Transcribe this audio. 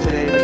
today.